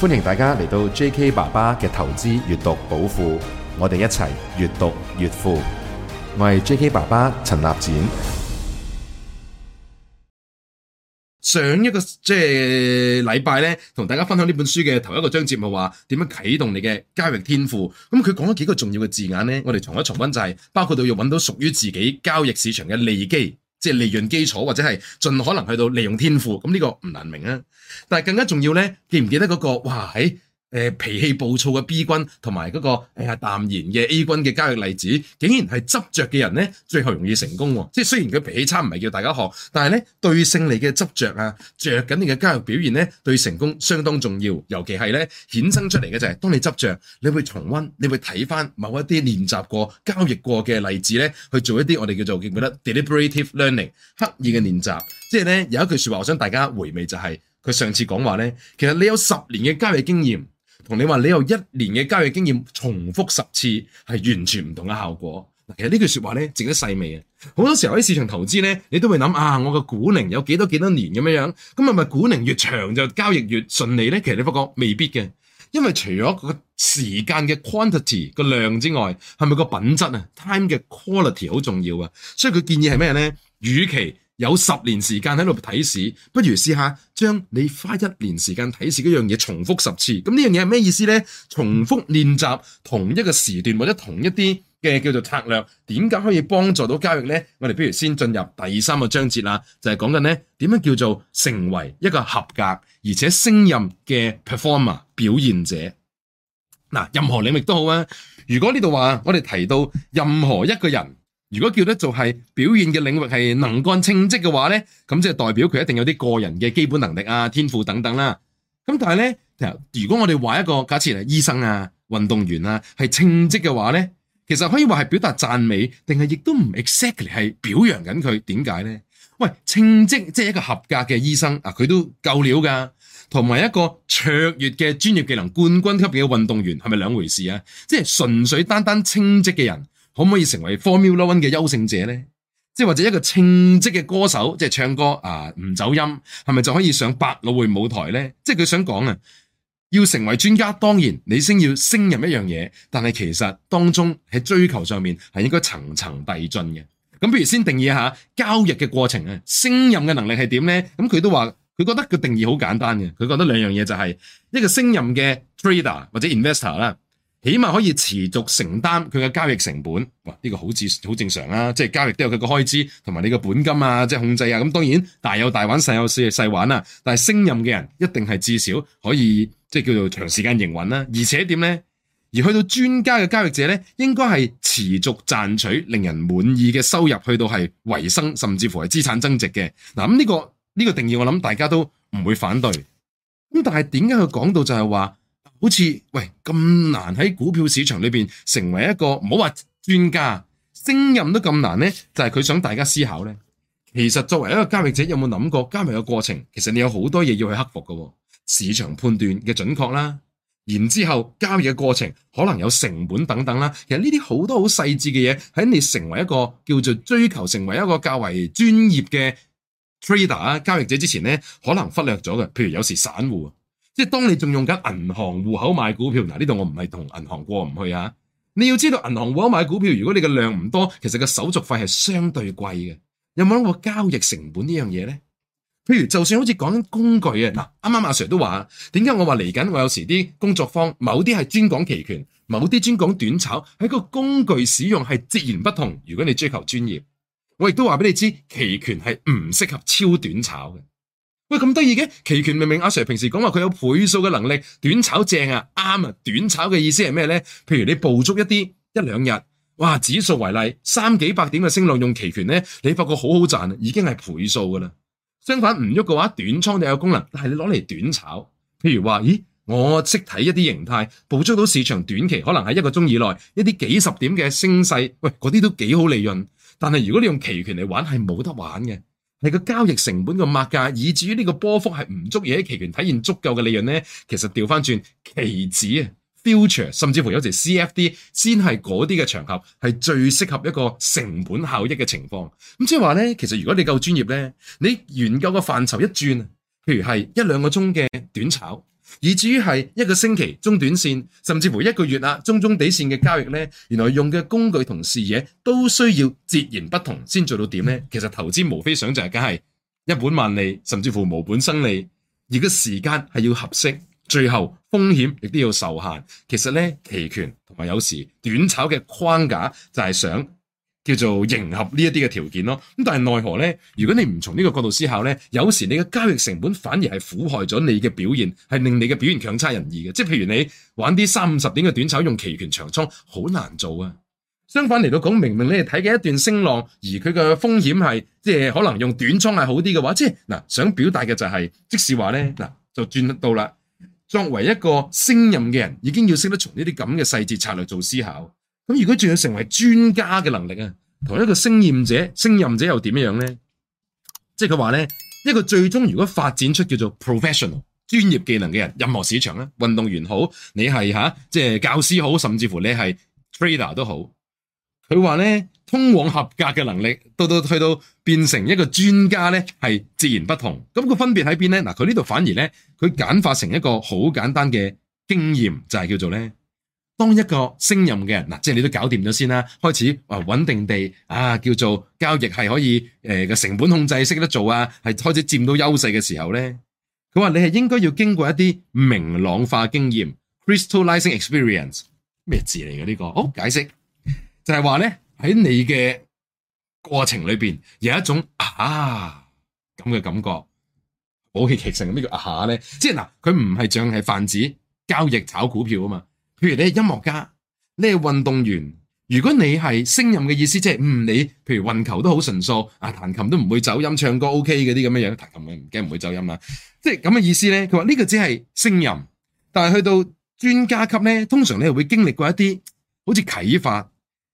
歡迎大家嚟到 J K 爸爸嘅投資閱讀寶庫，我哋一齊閱讀越富。我係 J K 爸爸陳立展。上一個、就是、禮拜呢同大家分享呢本書嘅頭一個章節目説，係話點樣啟動你嘅交易天賦。咁佢講咗幾個重要嘅字眼呢，我哋重一重溫、就係，就包括到要揾到屬於自己交易市場嘅利基。即係利潤基礎，或者係盡可能去到利用天賦，咁，呢個唔難明啊。但係更加重要咧，記唔記得嗰個哇喺？誒、呃，脾氣暴躁嘅 B 君同埋嗰個誒、呃，淡然嘅 A 君嘅交易例子，竟然係執着嘅人咧，最後容易成功，哦。即係雖然佢脾氣差，唔係叫大家學，但係咧對勝你嘅執着啊，着緊你嘅交易表現咧，對成功相當重要。尤其係咧衍生出嚟嘅就係，是，當你執着，你會重溫，你會睇返某一啲練習過、交易過嘅例子咧，去做一啲我哋叫做，我覺得 deliberative learning 刻意嘅練習。即係咧有一句說話，我想大家回味就係，是，佢上次講話咧，其實你有十年嘅交易經驗。同你話你有一年嘅交易經驗重複十次係完全唔同嘅效果。嗱，其實呢句說話咧，值得細味。啊！好多時候喺市場投資咧，你都會諗啊，我個股齡有幾多幾多年咁樣樣，咁係咪股齡越長就交易越順利咧？其實你發覺未必嘅，因為除咗個時間嘅 quantity 個量之外，係咪個品質啊 time 嘅 quality 好重要啊！所以佢建議係咩咧？與其有十年時間喺度睇市，不如試下將你花一年時間睇市一樣嘢重複十次。咁呢樣嘢係咩意思呢？重複練習同一個時段或者同一啲嘅叫做策略，點解可以幫助到交易呢？我哋不如先進入第三個章節啦，就係講緊呢點樣叫做成為一個合格而且勝任嘅 performer 表現者。嗱，任何領域都好啊。如果呢度話我哋提到任何一個人。如果叫得做係表現嘅領域係能幹稱職嘅話咧，咁即係代表佢一定有啲個人嘅基本能力啊、天賦等等啦、啊。咁但係咧，如果我哋話一個假設係醫生啊、運動員啊係稱職嘅話咧，其實可以話係表達讚美，定係亦都唔 exactly 係表揚緊佢？點解咧？喂，稱職即係、就是、一個合格嘅醫生啊，佢都夠料噶，同埋一個卓越嘅專業技能、冠軍級嘅運動員係咪兩回事啊？即、就、係、是、純粹單單稱職嘅人。可唔可以成為 Formula One 嘅優勝者呢？即或者一個稱職嘅歌手，即唱歌啊，唔走音，係咪就可以上百老匯舞台呢？即係佢想講啊，要成為專家，當然你先要勝任一樣嘢，但係其實當中喺追求上面係應該層層遞進嘅。咁不如先定義一下交易嘅過程啊，勝任嘅能力係點呢？咁佢都話佢覺得個定義好簡單嘅，佢覺得兩樣嘢就係、是、一個勝任嘅 Trader 或者 Investor 啦。起碼可以持續承擔佢嘅交易成本，哇！呢、呢個好正好正常啦，啊，即係交易都有佢個開支，同埋你個本金啊，即係控制啊。咁當然大有大玩，細有細嘅細玩啦。但係升任嘅人一定係至少可以，即係叫做長時間營運啦，啊。而且點呢？而去到專家嘅交易者呢，應該係持續賺取令人滿意嘅收入，去到係維生，甚至乎係資產增值嘅。嗱咁呢個呢、呢個定義，我諗大家都唔會反對。咁但係點解佢講到就係話，好似喂咁難喺股票市場裏邊成為一個唔好話專家，勝任都咁難呢？就係佢想大家思考呢。其實作為一個交易者，有冇諗過交易嘅過程？其實你有好多嘢要去克服嘅，市場判斷嘅準確啦，然之後交易嘅過程可能有成本等等啦。其實呢啲好多好細緻嘅嘢喺你成為一個叫做追求成為一個較為專業嘅 trader 啊交易者之前呢，可能忽略咗嘅。譬如有時散戶。即係當你仲用緊銀行戶口買股票，嗱呢度我唔係同銀行過唔去啊！你要知道銀行戶口買股票，如果你嘅量唔多，其實個手續費係相對貴嘅。有冇諗過交易成本呢樣嘢咧？譬如就算好似講緊工具啊，嗱啱啱阿 Sir 都話，點解我話嚟緊我有時啲工作坊某啲係專講期權，某啲專講短炒，喺個工具使用係截然不同。如果你追求專業，我亦都話俾你知，期權係唔適合超短炒嘅。喂，咁得意嘅期權，明明阿 Sir 平時講話佢有倍數嘅能力，短炒正啊，啱啊！短炒嘅意思係咩呢？譬如你捕捉一啲一兩日，哇，指數為例，三幾百點嘅升浪用期權呢，你發覺好好賺啊，已經係倍數噶啦。相反唔喐嘅話，短倉就有功能，但係你攞嚟短炒，譬如話，咦，我識睇一啲形態，捕捉到市場短期可能喺一個鐘以內，一啲幾十點嘅升勢，喂，嗰啲都幾好利潤。但係如果你用期權嚟玩，係冇得玩嘅。你個交易成本個抹價，以至於呢個波幅係唔足以喺期權體現足夠嘅利潤咧。其實調翻轉，期指啊、future，甚至乎有時 C F D，先係嗰啲嘅場合係最適合一個成本效益嘅情況。咁即係話咧，其實如果你夠專業咧，你研究個範疇一轉，譬如係一兩個鐘嘅短炒。以至於係一個星期中短線，甚至乎一個月啊中中底線嘅交易呢，原來用嘅工具同視野都需要截然不同，先做到點呢？嗯、其實投資無非想就係梗係一本萬利，甚至乎無本生利，而個時間係要合適，最後風險亦都要受限。其實呢，期權同埋有時短炒嘅框架就係想。叫做迎合呢一啲嘅條件咯，咁但係奈何咧？如果你唔從呢個角度思考咧，有時你嘅交易成本反而係腐害咗你嘅表現，係令你嘅表現強差人意嘅。即係譬如你玩啲三五十點嘅短炒，用期權長倉好難做啊。相反嚟到講，明明你哋睇嘅一段升浪，而佢嘅風險係即係可能用短倉係好啲嘅話，即係嗱，想表達嘅就係、是、即使話咧嗱，就轉得到啦。作為一個升任嘅人，已經要識得從呢啲咁嘅細節策略做思考。咁如果仲要成為專家嘅能力啊，同一個升任者，升任者又點樣呢？即係佢話呢一個最終如果發展出叫做 professional 專業技能嘅人，任何市場啦，運動員好，你係吓、啊，即係教師好，甚至乎你係 trader 都好，佢話呢，通往合格嘅能力，到到去到變成一個專家呢，係截然不同。咁、那個分別喺邊呢？嗱，佢呢度反而呢，佢簡化成一個好簡單嘅經驗，就係、是、叫做呢。」當一個升任嘅人嗱，即係你都搞掂咗先啦，開始啊穩定地啊叫做交易係可以誒嘅、呃、成本控制識得做啊，係開始佔到優勢嘅時候咧，佢話你係應該要經過一啲明朗化經驗 c r y s t a l l i z i n g experience） 咩字嚟嘅呢個？哦，解釋，就係話咧喺你嘅過程裏邊有一種啊咁嘅感覺，我嘅其實咩叫啊下咧，即係嗱，佢唔係像係泛指交易炒股票啊嘛。譬如你係音樂家，你係運動員，如果你係勝任嘅意思，即係唔你，譬如運球都好純熟，啊彈琴都唔會走音，唱歌 OK 嗰啲咁樣樣，彈琴唔驚唔會走音啊，即係咁嘅意思咧。佢話呢個只係勝任，但係去到專家級咧，通常你係會經歷過一啲好似啟發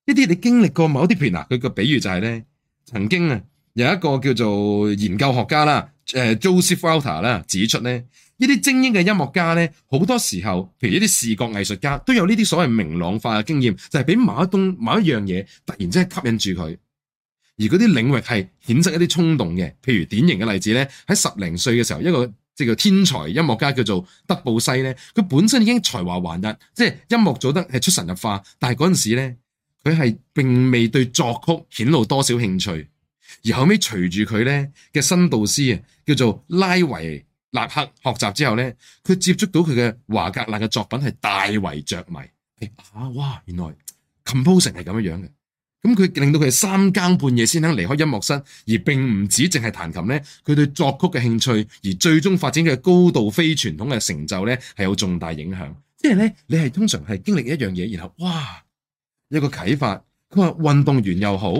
呢啲，你經歷過某啲譬如嗱，佢個比喻就係、是、咧，曾經啊有一個叫做研究學家啦，誒、呃、Joseph Walter 啦指出咧。呢啲精英嘅音樂家咧，好多時候，譬如一啲視覺藝術家，都有呢啲所謂明朗化嘅經驗，就係、是、俾某一某一樣嘢突然之間吸引住佢，而嗰啲領域係顯出一啲衝動嘅。譬如典型嘅例子咧，喺十零歲嘅時候，一個即叫天才音樂家叫做德布西咧，佢本身已經才華橫溢，即係音樂做得係出神入化，但係嗰陣時咧，佢係並未對作曲顯露多少興趣。而後尾隨住佢咧嘅新導師啊，叫做拉維。立刻學習之後咧，佢接觸到佢嘅華格納嘅作品係大為著迷。啊、哎，哇！原來 composition 係咁樣樣嘅。咁佢令到佢三更半夜先肯離開音樂室，而並唔止淨係彈琴咧。佢對作曲嘅興趣，而最終發展佢嘅高度非傳統嘅成就咧，係有重大影響。即係咧，你係通常係經歷一樣嘢，然後哇一個啟發。佢話運動員又好，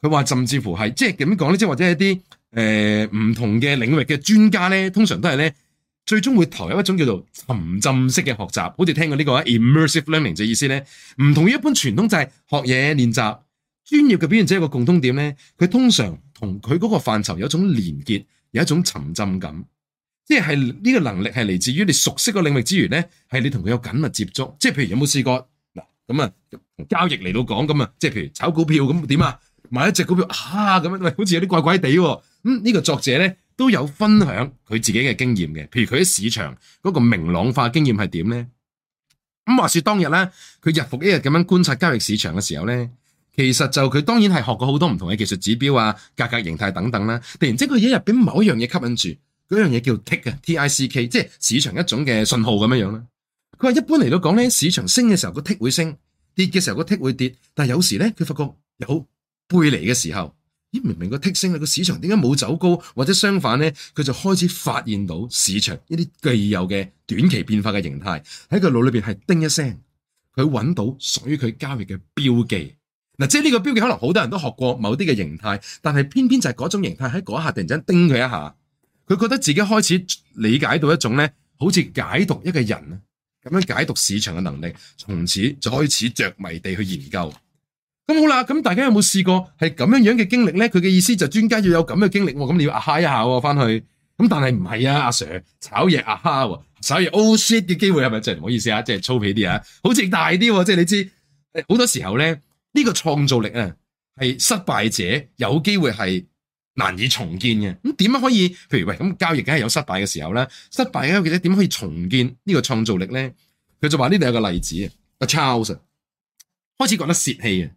佢話甚至乎係即係咁樣講咧？即係或者一啲。誒，唔同嘅領域嘅專家咧，通常都係咧，最終會投入一種叫做沉浸式嘅學習，好似聽過呢個啊，immersive learning 就意思咧，唔同於一般傳統就係學嘢練習。專業嘅表現者有一個共通點咧，佢通常同佢嗰個範疇有一種連結，有一種沉浸感，即係呢個能力係嚟自於你熟悉個領域之餘咧，係你同佢有緊密接觸。即係譬如有冇試過嗱咁啊，交易嚟到講咁啊，即係譬如炒股票咁點啊？買一隻股票，吓、啊、咁樣，好似有啲怪怪地，哦。咁、嗯、呢、這個作者咧都有分享佢自己嘅經驗嘅，譬如佢喺市場嗰個明朗化經驗係點咧？咁、嗯、話說當日咧，佢日復一日咁樣觀察交易市場嘅時候咧，其實就佢當然係學過好多唔同嘅技術指標啊、價格形態等等啦。突然間佢一日俾某一樣嘢吸引住，嗰樣嘢叫 tick 啊，tick 啊，T I C K，即係市場一種嘅信號咁樣樣啦。佢話一般嚟到講咧，市場升嘅時候個 tick 會升，跌嘅時候個 tick 會跌，但係有時咧佢發覺有。背離嘅時候，咦？明明個剔升啊，個市場點解冇走高，或者相反咧？佢就開始發現到市場一啲既有嘅短期變化嘅形態喺佢腦裏邊係叮一聲，佢揾到屬於佢交易嘅標記。嗱，即係呢個標記可能好多人都學過某啲嘅形態，但係偏偏就係嗰種形態喺嗰下突然間叮佢一下，佢覺得自己開始理解到一種咧，好似解讀一個人咁樣解讀市場嘅能力，從此就開始着迷地去研究。咁好啦，咁大家有冇試過係咁樣樣嘅經歷咧？佢嘅意思就專家要有咁嘅經歷，咁、哦、你要啊嗨一下喎、哦，翻去。咁但係唔係啊，阿 Sir 炒嘢阿、啊、炒嘢啊哈 all shit 嘅機會係咪？即係唔好意思啊，即、就、係、是、粗鄙啲啊，好似大啲、哦，即、就、係、是、你知好多時候咧呢、這個創造力啊係失敗者有機會係難以重建嘅。咁點樣可以？譬如喂，咁交易梗係有失敗嘅時候呢，失敗嘅時候點樣可以重建呢個創造力咧？佢就話呢度有個例子，阿 Charles 開始覺得泄氣啊。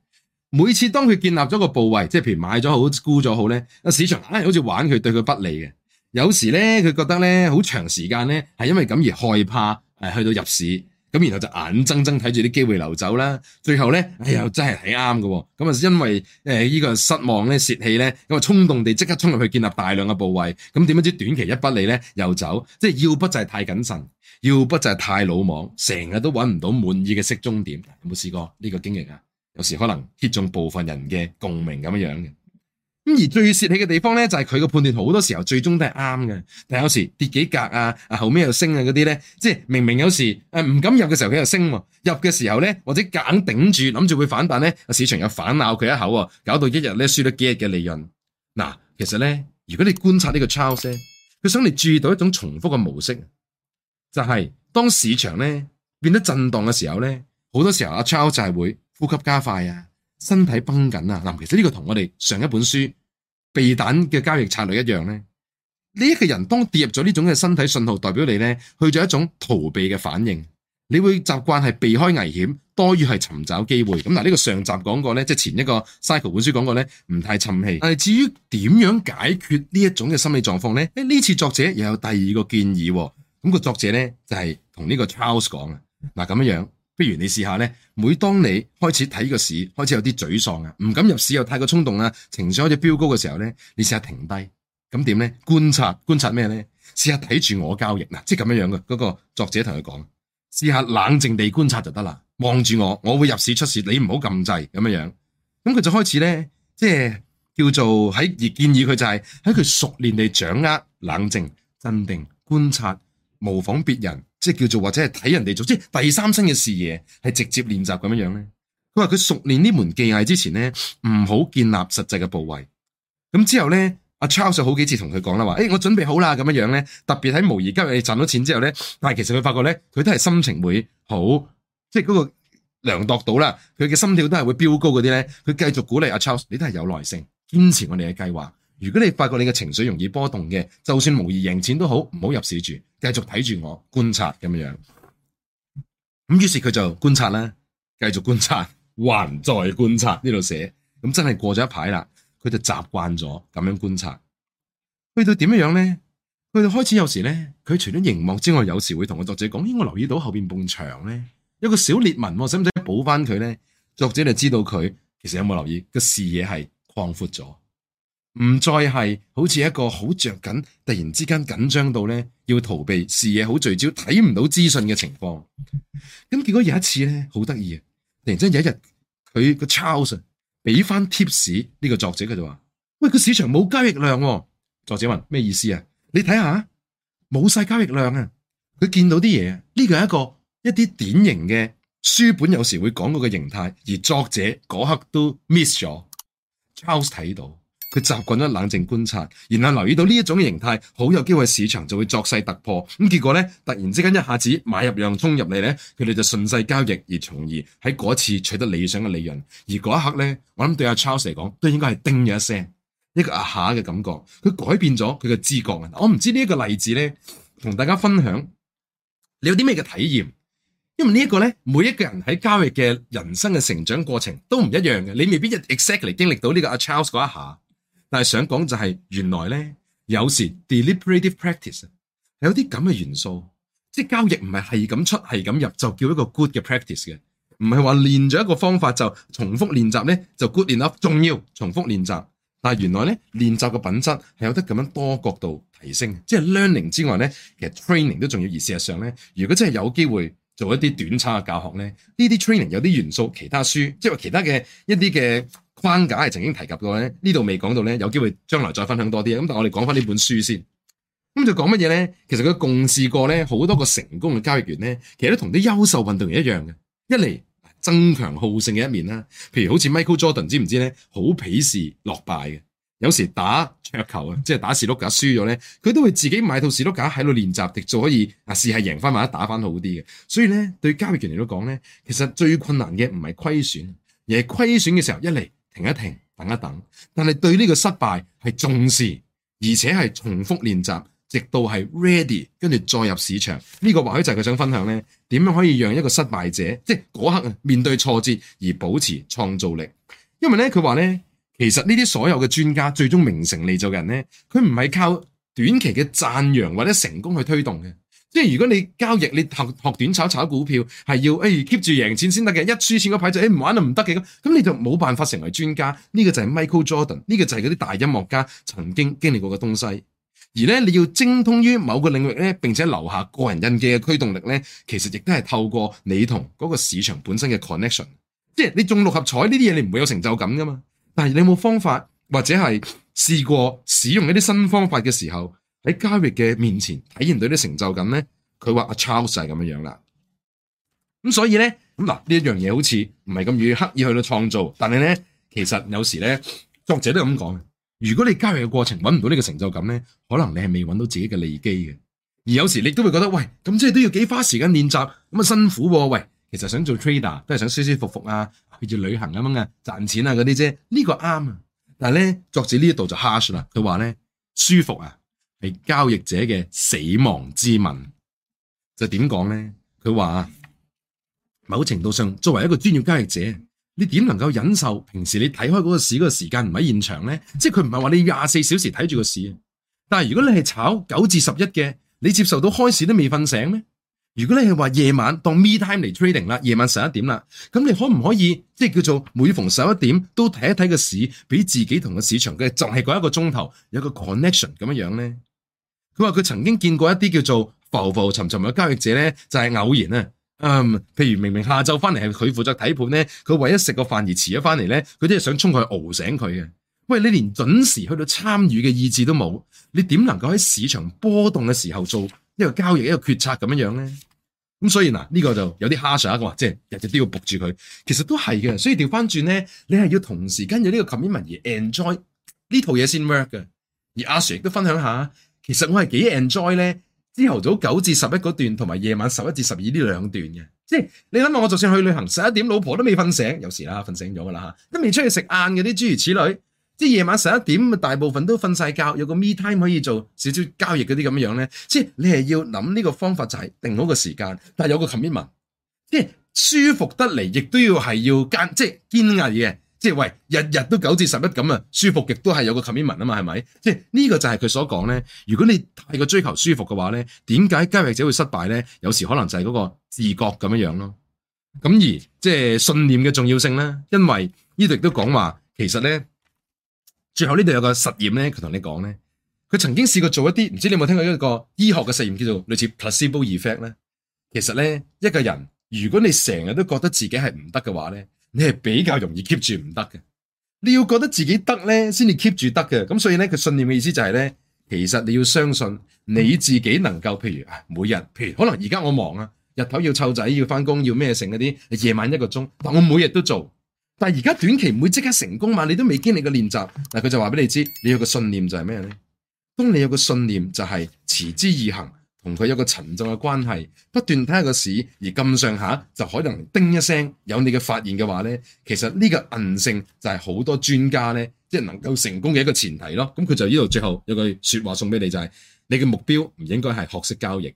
每次當佢建立咗個部位，即係譬如買咗好沽咗好咧，市場硬係好似玩佢，對佢不利嘅。有時咧佢覺得咧好長時間咧係因為咁而害怕，去到入市，咁然後就眼睜睜睇住啲機會流走啦。最後咧，哎呀真係睇啱嘅，咁啊因為誒呢個失望咧泄氣咧，咁啊衝動地即刻衝入去建立大量嘅部位，咁點樣知短期一不利咧又走，即係要不就係太謹慎，要不就係太魯莽，成日都搵唔到滿意嘅適中點。有冇試過呢個經驗啊？有時可能 hit 中部分人嘅共鳴咁樣樣嘅，咁而最洩氣嘅地方咧，就係佢嘅判斷好多時候最終都係啱嘅，但有時跌幾格啊，啊後屘又升啊嗰啲咧，即係明明有時誒唔敢入嘅時候佢又升，啊，入嘅時候咧或者夾硬頂住諗住會反彈咧，市場又反咬佢一口，搞到一日咧輸咗幾日嘅利潤。嗱，其實咧如果你觀察呢個抄聲，佢想你注意到一種重複嘅模式，就係、是、當市場咧變得震蕩嘅時候咧，好多時候阿、啊、抄就係會。呼吸加快啊，身體繃緊啊，嗱，其實呢個同我哋上一本書《避彈嘅交易策略》一樣咧。呢一個人當跌入咗呢種嘅身體信號，代表你咧去咗一種逃避嘅反應，你會習慣係避開危險，多於係尋找機會。咁嗱，呢個上集講過咧，即係前一個 cycle 本書講過咧，唔太沉氣。但係至於點樣解決呢一種嘅心理狀況咧？誒，呢次作者又有第二個建議。咁個作者咧就係同呢個 Charles 講啊，嗱咁樣。不如你試下咧，每當你開始睇個市，開始有啲沮喪啊，唔敢入市又太過衝動啦，情緒開始飆高嘅時候咧，你試下停低，咁點咧？觀察觀察咩咧？試下睇住我交易嗱，即係咁樣樣嘅嗰個作者同佢講，試下冷靜地觀察就得啦，望住我，我會入市出市，你唔好撳掣咁樣樣。咁佢就開始咧，即係叫做喺而建議佢就係喺佢熟練地掌握冷靜、鎮定、觀察、模仿別人。即係叫做或者係睇人哋做，即係第三身嘅視野係直接練習咁樣樣咧。佢話佢熟練呢門技藝之前咧，唔好建立實際嘅部位。咁之後咧，阿 Charles 就好幾次同佢講啦，話，欸，誒我準備好啦，咁樣樣，咧。特別喺模擬今日你賺到錢之後咧，但係其實佢發覺咧，佢都係心情會好，即係嗰個量度到啦，佢嘅心跳都係會飆高嗰啲咧。佢繼續鼓勵阿 Charles，你都係有耐性堅持我哋嘅計劃。如果你發覺你嘅情緒容易波動嘅，就算無意贏錢都好，唔好入市住，繼續睇住我觀察咁樣樣。咁於是佢就觀察啦，繼續觀察，還在觀察呢度寫。咁真係過咗一排啦，佢就習慣咗咁樣觀察。去到點樣樣咧？佢就開始有時咧，佢除咗熒幕之外，有時會同個作者講：，咦，我留意到後邊埲牆咧，有個小裂紋，使唔使補翻佢咧？作者就知道佢其實有冇留意個視野係擴闊咗。唔再係好似一個好着緊，突然之間緊張到咧要逃避，視野好聚焦，睇唔到資訊嘅情況。咁結果有一次咧，好得意啊！突然之間有一日，佢個 Charles 俾翻 tips 呢個作者，佢就話：喂，個市場冇交易量啊。作者問：咩意思啊？你睇下，冇晒交易量啊！佢見到啲嘢，呢個係一個一啲典型嘅書本有時會講到嘅形態，而作者嗰刻都 miss 咗，Charles 睇到。佢習慣咗冷靜觀察，然後留意到呢一種形態，好有機會市場就會作勢突破。咁結果咧，突然之間一下子買入量衝入嚟咧，佢哋就順勢交易而從而喺嗰次取得理想嘅利潤。而嗰一刻咧，我諗對阿 Charles 嚟講，都應該係叮咗一聲，一個啊嚇嘅感覺，佢改變咗佢嘅知覺啊！我唔知呢一個例子咧，同大家分享你有啲咩嘅體驗？因為呢一個咧，每一個人喺交易嘅人生嘅成長過程都唔一樣嘅，你未必 exactly 經歷到呢個阿 Charles 嗰一下。但係想講就係原來咧，有時 deliberative practice 有啲咁嘅元素，即係交易唔係係咁出係咁入，就叫一個 good 嘅 practice 嘅，唔係話練咗一個方法就重複練習咧就 good enough，重要重複練習，但係原來咧，練習嘅品質係有得咁樣多角度提升，即係 learning 之外咧，其實 training 都重要。而事實上咧，如果真係有機會做一啲短差嘅教學咧，呢啲 training 有啲元素，其他書即係話其他嘅一啲嘅。框架係曾經提及過咧，呢度未講到咧，有機會將來再分享多啲。咁但係我哋講翻呢本書先，咁就講乜嘢咧？其實佢共事過咧，好多個成功嘅交易員咧，其實都同啲優秀運動員一樣嘅。一嚟增強好勝嘅一面啦，譬如好似 Michael Jordan，知唔知咧？好鄙視落敗嘅，有時打桌球啊，即係打士碌架輸咗咧，佢都會自己買套士碌架喺度練習，直至可以啊，試下贏翻埋，打翻好啲嘅。所以咧，對交易員嚟講咧，其實最困難嘅唔係虧損，而係虧損嘅時候一嚟。停一停，等一等，但係對呢個失敗係重視，而且係重複練習，直到係 ready，跟住再入市場。呢、這個或許就係佢想分享咧，點樣可以讓一個失敗者，即嗰刻面對挫折而保持創造力。因為呢他佢話呢，其實呢啲所有嘅專家，最終名成利就嘅人呢，佢唔係靠短期嘅讚揚或者成功去推動嘅。即係如果你交易，你學學短炒炒股票，係要誒 keep 住贏錢先得嘅。一輸錢嗰排就誒唔玩得唔得嘅咁，咁你就冇辦法成為專家。呢個就係 Michael Jordan，呢個就係嗰啲大音樂家曾經經歷過嘅東西。而咧你要精通於某個領域咧，並且留下個人印記嘅驅動力咧，其實亦都係透過你同嗰個市場本身嘅 connection。即係你中六合彩呢啲嘢，你唔會有成就感噶嘛？但係你有冇方法或者係試過使用一啲新方法嘅時候？喺交易嘅面前體驗到啲成就感咧，佢話阿 Charles 係咁樣樣啦。咁所以咧，咁嗱呢一樣嘢好似唔係咁易，刻意去到創造。但係咧，其實有時咧，作者都咁講嘅。如果你交易嘅過程揾唔到呢個成就感咧，可能你係未揾到自己嘅利基嘅。而有時你都會覺得，喂，咁即係都要幾花時間練習，咁啊辛苦喎。喂，其實想做 trader 都係想舒舒服服啊，去住旅行咁樣啊，賺錢啊嗰啲啫。呢、呢個啱啊，但係咧，作者呢一度就 harsh 啦，佢話咧舒服啊。係交易者嘅死亡之問，就點講咧？佢話某程度上，作為一個專業交易者，你點能夠忍受平時你睇開嗰個市嗰個時間唔喺現場咧？即係佢唔係話你廿四小時睇住個市，但係如果你係炒九至十一嘅，你接受到開市都未瞓醒咩？如果你係話夜晚當 me time 嚟 trading 啦，夜晚十一點啦，咁你可唔可以即係叫做每逢十一點都睇一睇個市，俾自己同個市場嘅，就係嗰一個鐘頭有個 connection 咁樣樣咧？佢話佢曾經見過一啲叫做浮浮沉沉嘅交易者咧，就係偶然咧，嗯，譬如明明下晝翻嚟係佢負責睇盤咧，佢為咗食個飯而遲咗翻嚟咧，佢真係想衝佢熬醒佢嘅。喂，你連準時去到參與嘅意志都冇，你點能夠喺市場波動嘅時候做？一個交易，一個決策咁樣樣咧，咁所以嗱呢個就有啲蝦上嘅話，即係日日都要撲住佢，其實都係嘅。所以調翻轉咧，你係要同時跟住呢個 commitment 而 enjoy 呢套嘢先 work 嘅。而阿 Sir 亦都分享下，其實我係幾 enjoy 咧，朝頭早九至十一嗰段，同埋夜晚十一至十二呢兩段嘅。即係你諗下，我就算去旅行十一點，老婆都未瞓醒，有時啦瞓醒咗噶啦吓，都未出去食晏嘅啲諸如此類。即係夜晚十一點，大部分都瞓晒覺，有個 me time 可以做少少交易嗰啲咁樣咧。即係你係要諗呢個方法就係定好個時間，但係有個 commitment，即係舒服得嚟，亦都要係要堅，即係堅毅嘅，即係喂日日都九至十一咁啊，舒服亦都係有個 commitment 啊嘛，係咪？即係呢個就係佢所講咧。如果你太過追求舒服嘅話咧，點解交易者會失敗咧？有時可能就係嗰個視覺咁樣樣咯。咁而即係信念嘅重要性咧，因為呢度亦都講話其實咧。最後呢度有個實驗咧，佢同你講咧，佢曾經試過做一啲唔知你有冇聽過一個醫學嘅實驗叫做類似 placebo effect 咧。其實咧，一個人如果你成日都覺得自己係唔得嘅話咧，你係比較容易 keep 住唔得嘅。你要覺得自己得咧，先至 keep 住得嘅。咁所以咧，佢信念嘅意思就係咧，其實你要相信你自己能夠，譬如啊，每日，譬如可能而家我忙啊，日頭要湊仔，要翻工，要咩成嗰啲，夜晚一個鐘，但我每日都做。但係而家短期唔會即刻成功嘛？你都未經歷個練習，嗱，佢就話俾你知，你有個信念就係咩咧？當你有個信念就係持之以恆，同佢有個沉重嘅關係，不斷睇下個市而咁上下就可能叮一聲有你嘅發現嘅話咧，其實呢個韌性就係好多專家咧，即係能夠成功嘅一個前提咯。咁佢就呢度最後有句說話送俾你就係：你嘅目標唔應該係學識交易，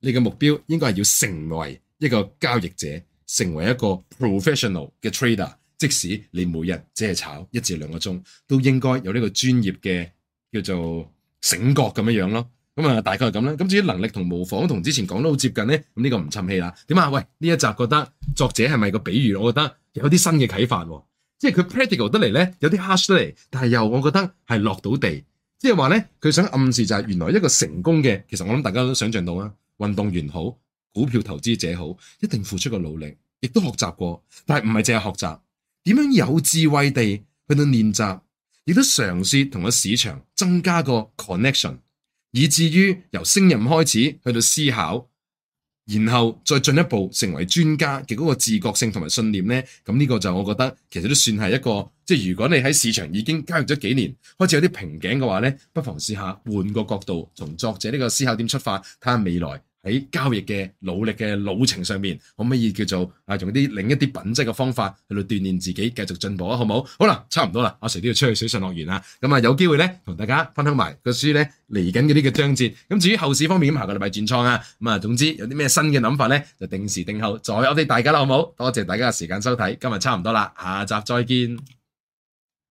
你嘅目標應該係要成為一個交易者。成為一個 professional 嘅 trader，即使你每日只係炒一至兩個鐘，都應該有呢個專業嘅叫做醒覺咁樣樣咯。咁啊，大概係咁啦。咁至於能力同模仿同之前講得好接近咧，咁、這、呢個唔沉氣啦。點啊？喂，呢一集覺得作者係咪個比喻？我覺得有啲新嘅啟發喎。即係佢 practical 得嚟咧，有啲 hush 得嚟，但又我覺得係落到地。即係話咧，佢想暗示就係原來一個成功嘅，其實我諗大家都想象到啦，運動員好。股票投資者好，一定付出過努力，亦都學習過，但係唔係淨係學習，點樣有智慧地去到練習，亦都嘗試同個市場增加個 connection，以至於由新人開始去到思考，然後再進一步成為專家嘅嗰個自覺性同埋信念呢，咁呢個就我覺得其實都算係一個，即係如果你喺市場已經交易咗幾年，開始有啲瓶頸嘅話呢，不妨試下換個角度，從作者呢個思考點出發，睇下未來。喺交易嘅努力嘅路程上面，可唔可以叫做啊，用一啲另一啲品質嘅方法去到鍛煉自己，繼續進步啊，好唔好？好啦，差唔多啦，阿 Sir 都要出去水上樂園啦，咁啊有機會咧同大家分享埋個書咧嚟緊嗰啲嘅章節。咁至於後市方面，咁下個禮拜轉倉啊，咁啊總之有啲咩新嘅諗法咧，就定時定候再 update 大家啦，好唔好？多謝大家嘅時間收睇，今日差唔多啦，下集再見。